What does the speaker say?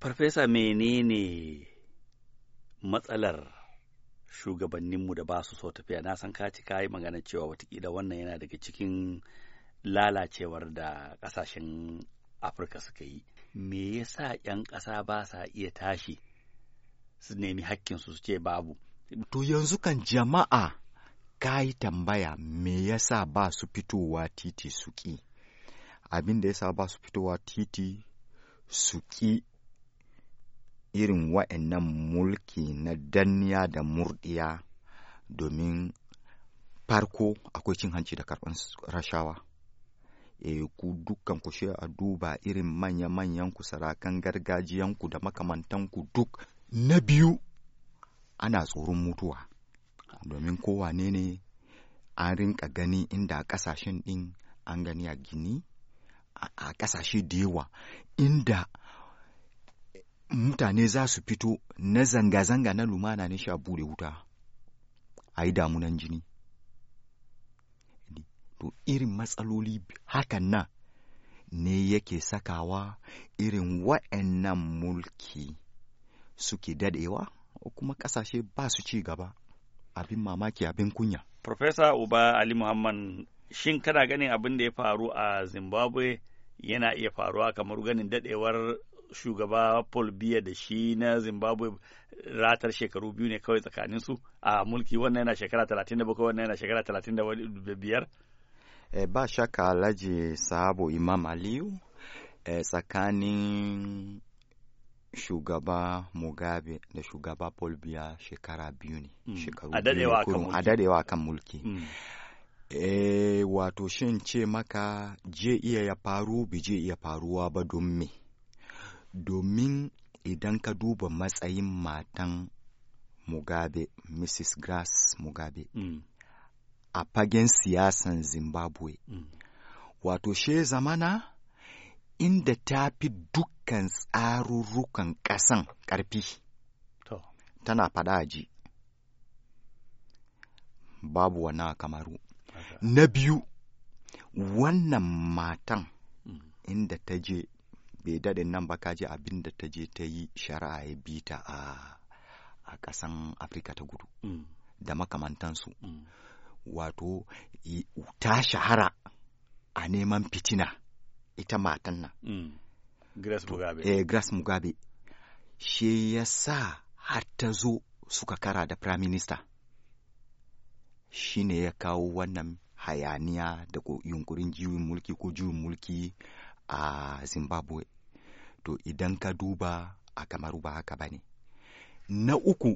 Farfesa menene matsalar shugabanninmu da ba su so tafiya na san ka yi kayi magana cewa watakila wannan yana daga cikin lalacewar da kasashen afirka suka yi me yasa 'yan ƙasa ba sa iya tashi su nemi hakkinsu su ce babu to yanzu kan jama'a ka yi tambaya me yasa ba su fitowa titi su abinda abin da yasa ba su fitowa titi su ƙi irin wa'annan mulki na danniya da murdiya domin farko akwai cin hanci da karɓar rashawa e ku dukkan ku a duba irin manya-manyan ku sarakan gargajiyanku da makamantanku duk na biyu ana tsoron mutuwa domin kowane ne an rinka gani inda a ƙasashen ɗin an gani a gini a ƙasashe da yawa inda mutane za su fito na zanga-zanga na lumana ne sha bude wuta a yi damunan jini to irin matsaloli hakan na ne yake sakawa irin wa'annan mulki suke dadewa kuma kasashe ba su ci gaba abin mamaki abin kunya Profesa Uba Ali Muhammad shin kana ganin abin da ya faru a Zimbabwe yana iya faruwa kamar ganin dadewar shugaba Paul Biya da shi na Zimbabwe ratar shekaru biyu ne kawai tsakanin su a mulki wannan yana shekara 37 wannan yana shekara 35 e, eh, ba shaka Alhaji Sabo Imam Aliyu e, tsakanin shugaba Mugabe da shugaba Paul Biya shekara biyu ne hmm. shekaru a dadewa kan mulki mm. e, wato shin ce maka je iya ya faru bi je iya faruwa ba don me domin idan ka duba matsayin matan mugabe mrs grass mugabe mm. a fagen siyasan zimbabwe mm. wato she zamana inda ta fi dukkan tsarurrukan ƙasan ƙarfi tana faɗa ji babu na kamaru na biyu wannan matan mm. inda ta je bai daɗin nan ba kaji abin da ta je ta yi shari'a ya bi ta a ƙasan afirka ta gudu mm. da makamantansu mm. wato ta shahara a neman fitina ita matan nan mm. grace mugabe eh, grace mugabe shi ya sa har ta zo suka kara da prime minister shi ya kawo wannan hayaniya da yunkurin jiwin mulki ko jiwin mulki a zimbabwe to idan ka duba a kamaru ba haka ba ne na uku